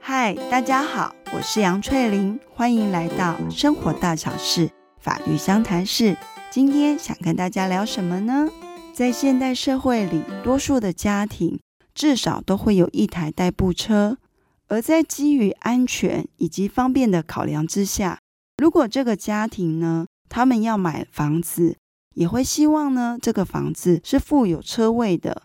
嗨，Hi, 大家好，我是楊翠玲，歡迎來到生活大小事，法律相談室。今天想跟大家聊什麼呢？在現代社會裡，多數的家庭至少都會有一台代步車，而在基於安全以及方便的考量之下，如果這個家庭呢？他們要買房子，也會希望呢，這個房子是附有車位的。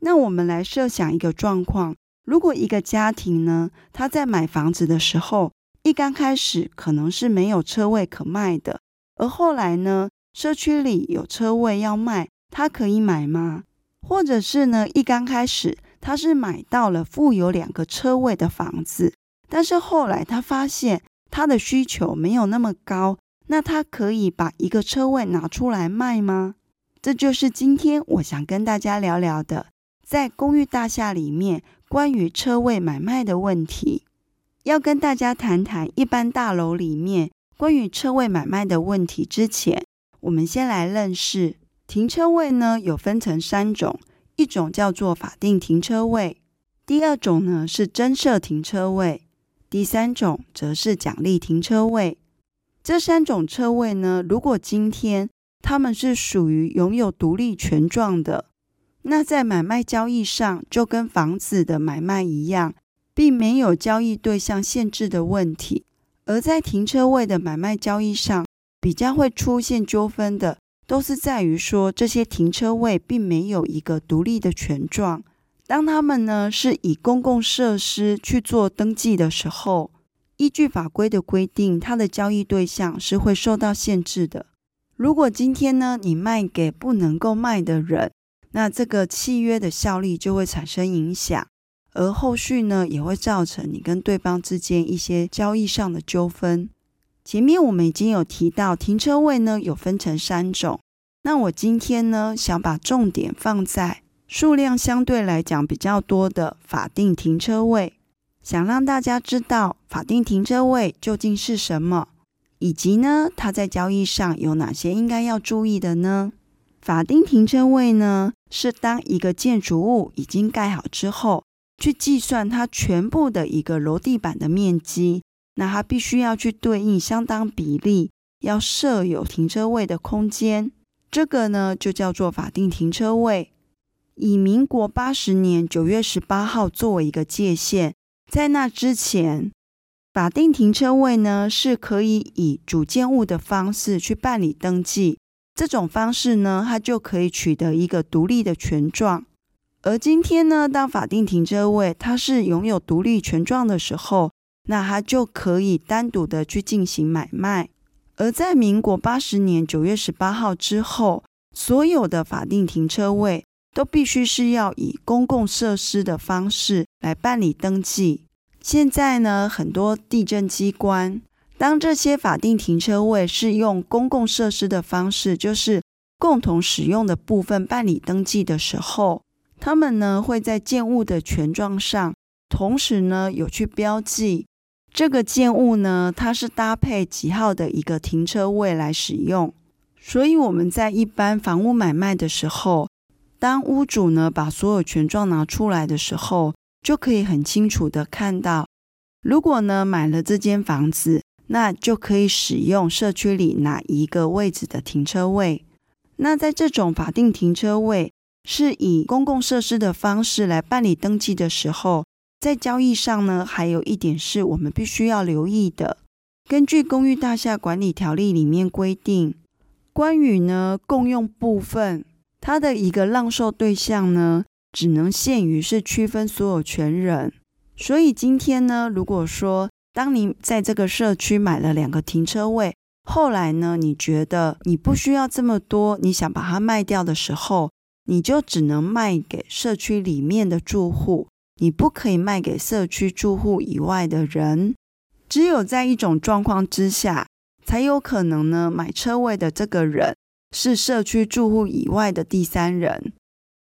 那我們來設想一個狀況：如果一個家庭呢，他在買房子的時候，一剛開始可能是沒有車位可賣的，而後來呢，社區裡有車位要賣，他可以買嗎？或者是呢，一剛開始他是買到了附有兩個車位的房子，但是後來他發現他的需求沒有那麼高。那他可以把一個車位拿出來賣嗎？這就是今天我想跟大家聊聊的，在公寓大廈裡面關於車位買賣的問題。要跟大家談談一般大樓裡面關於車位買賣的問題之前，我們先來認識停車位呢，有分成三種，一種叫做法定停車位，第二種呢，是增設停車位，第三種則是獎勵停車位。這三種車位呢，如果今天他們是屬於擁有獨立權狀的，那在買賣交易上就跟房子的買賣一樣，並沒有交易對象限制的問題；而在停車位的買賣交易上，比較會出現糾紛的，都是在於說這些停車位並沒有一個獨立的權狀。當他們呢是以公共設施去做登記的時候，依據法規的規定，它的交易對象是會受到限制的。如果今天呢你賣給不能夠賣的人，那這個契約的效力就會產生影響，而後續呢也會造成你跟對方之間一些交易上的糾紛。前面我們已經有提到，停車位呢有分成三種。那我今天呢想把重點放在數量相對來講比較多的法定停車位。想讓大家知道法定停車位究竟是什麼，以及呢，它在交易上有哪些應該要注意的呢？法定停車位呢，是當一個建築物已經蓋好之後，去計算它全部的一個樓地板的面積，那它必須要去對應相當比例，要設有停車位的空間，這個呢就叫做法定停車位。以民國八十年九月十八號作為一個界限。在那之前，法定停車位呢是可以以主建物的方式去辦理登記，這種方式呢，它就可以取得一個獨立的權狀。而今天呢，當法定停車位它是擁有獨立權狀的時候，那它就可以單獨的去進行買賣。而在民國八十年九月十八號之後，所有的法定停車位。都必須是要以公共設施的方式來辦理登記。現在呢，很多地政機關，當這些法定停車位是用公共設施的方式，就是共同使用的部分辦理登記的時候，他們呢會在建物的權狀上，同時呢有去標記這個建物呢，它是搭配幾號的一個停車位來使用。所以我們在一般房屋買賣的時候。當屋主呢把所有權狀拿出來的時候，就可以很清楚的看到，如果呢買了這間房子，那就可以使用社區裡哪一個位置的停車位。那在這種法定停車位是以公共設施的方式來辦理登記的時候，在交易上呢，還有一點是我們必須要留意的。根據公寓大廈管理條例裡面規定，關於呢共用部分。它的一個讓售對象呢，只能限於是區分所有權人。所以今天呢，如果說當你在這個社區買了兩個停車位，後來呢，你覺得你不需要這麼多，你想把它賣掉的時候，你就只能賣給社區裡面的住戶，你不可以賣給社區住戶以外的人。只有在一種狀況之下，才有可能呢，買車位的這個人。是社區住戶以外的第三人，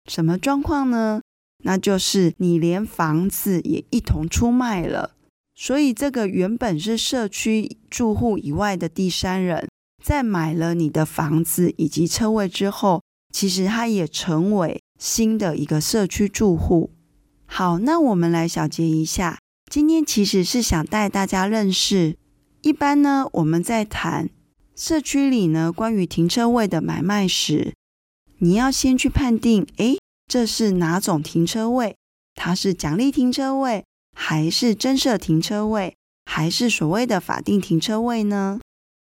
什麼狀況呢？那就是你連房子也一同出賣了，所以這個原本是社區住戶以外的第三人，在買了你的房子以及車位之後，其實他也成為新的一個社區住戶。好，那我們來小結一下，今天其實是想帶大家認識，一般呢我們在談。社區裡呢，關於停車位的買賣時，你要先去判定，誒，這是哪種停車位？它是獎勵停車位，還是增設停車位，還是所謂的法定停車位呢？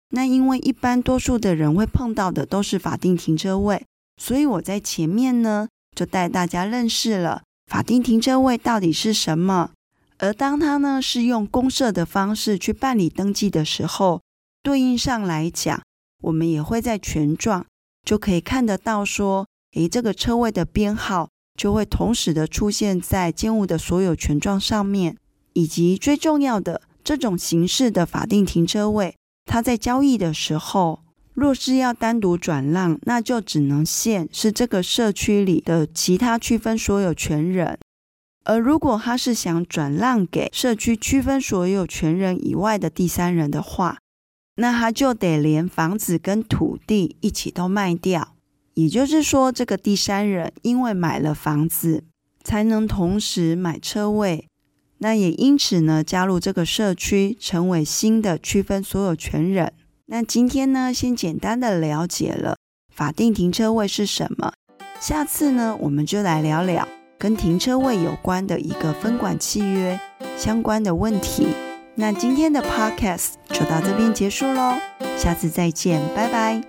那因為一般多數的人會碰到的都是法定停車位，所以我在前面呢就帶大家認識了法定停車位到底是什麼。而當它呢是用公設的方式去辦理登記的時候，對應上來講，我們也會在權狀就可以看得到說，說誒，這個車位的編號就會同時的出現在建物的所有權狀上面，以及最重要的這種形式的法定停車位，它在交易的時候，若是要單獨轉讓，那就只能限是這個社區裡的其他區分所有權人；而如果他是想轉讓給社區區分所有權人以外的第三人的話，那他就得連房子跟土地一起都賣掉，也就是說，這個第三人因為買了房子，才能同時買車位，那也因此呢，加入這個社區，成為新的區分所有權人。那今天呢，先簡單的了解了法定停車位是什麼，下次呢，我們就來聊聊跟停車位有關的一個分管契約相關的問題。那今天的 podcast 就到這邊結束嘍，下次再見，拜拜。